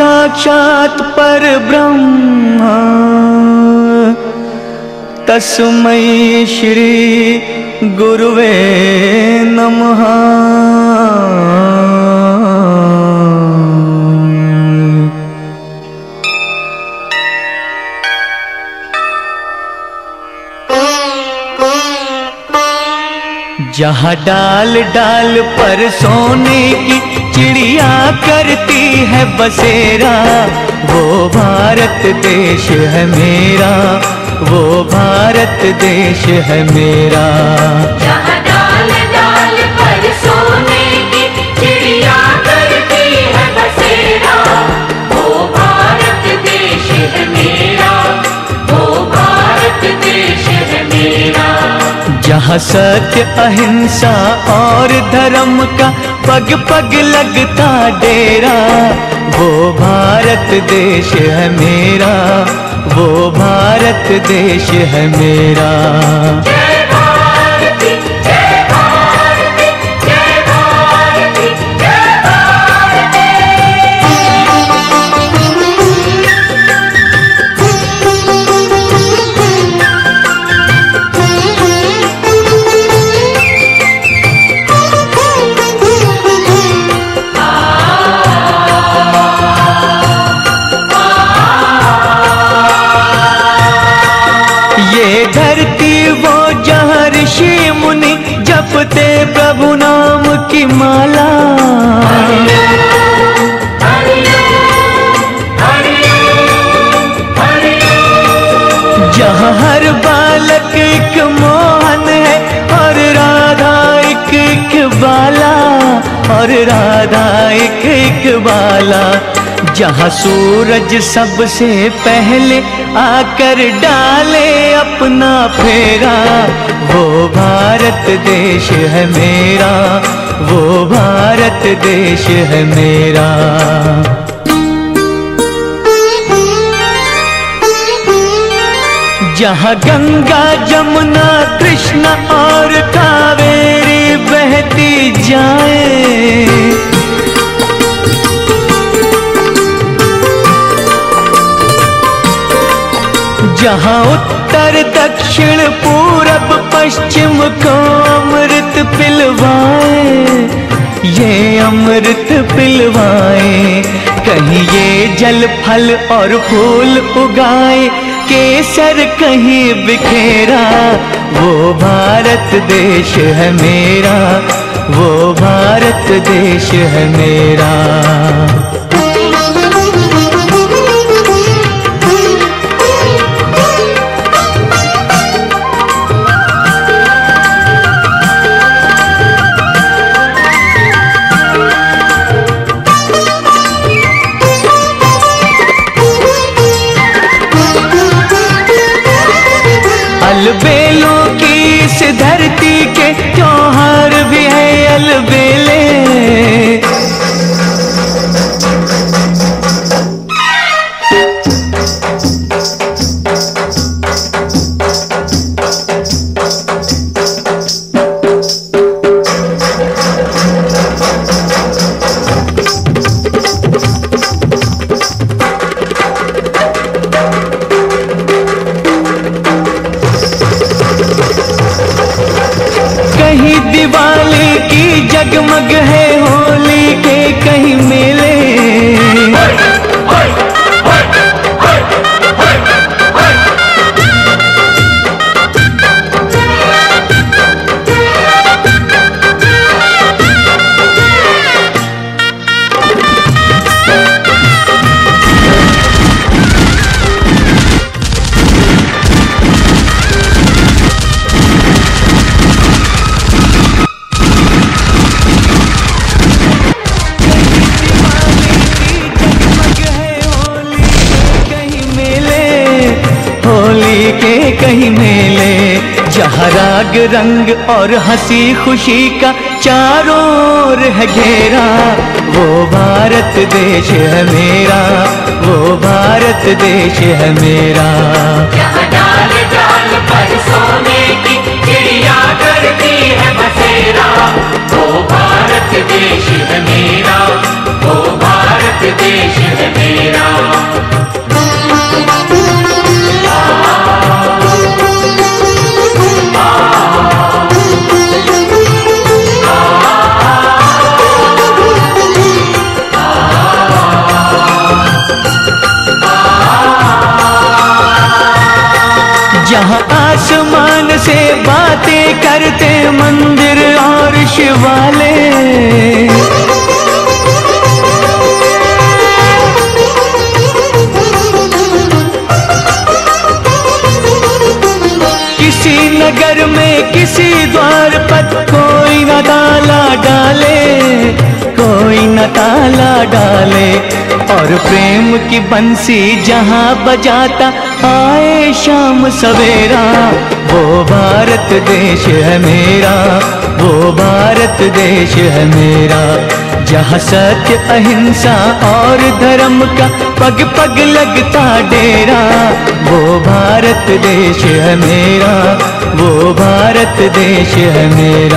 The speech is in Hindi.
पर परब्रह्मा तस्मै श्री गुरुवे नमः जहाँ डाल डाल पर सोने की चिड़िया करती है बसेरा वो भारत देश है मेरा वो भारत देश है मेरा जहाँ सत्य अहिंसा और धर्म का पग पग लगता डेरा वो भारत देश है मेरा वो भारत देश है मेरा फते प्रभु नाम की माला जहाँ हर बालक एक मोहन है और राधा एक एक बाला और राधा एक एक बाला जहाँ सूरज सबसे पहले आकर डाले अपना फेरा वो भारत देश है मेरा वो भारत देश है मेरा जहाँ गंगा जमुना कृष्ण और कावेरी बहती जाए जहाँ उत्तर दक्षिण पूरब पश्चिम को अमृत पिलवाए ये अमृत पिलवाए कहीं ये जल फल और फूल उगाए केसर कहीं बिखेरा वो भारत देश है मेरा वो भारत देश है मेरा हो राग रंग और हंसी खुशी का चारों है घेरा वो भारत देश है मेरा वो भारत देश है मेरा डाल डाल पर सोने की करती है बसेरा वो भारत देश है मेरा वो भारत देश है मेरा सम्मान से बातें करते मंदिर और शिवाले किसी नगर में किसी द्वार पर कोई न ताला डाले कोई न ताला डाले और प्रेम की बंसी जहाँ बजाता आए शाम सवेरा वो भारत देश है मेरा वो भारत देश है मेरा जहाँ सत्य अहिंसा और धर्म का पग पग लगता डेरा वो भारत देश है मेरा वो भारत देश है मेरा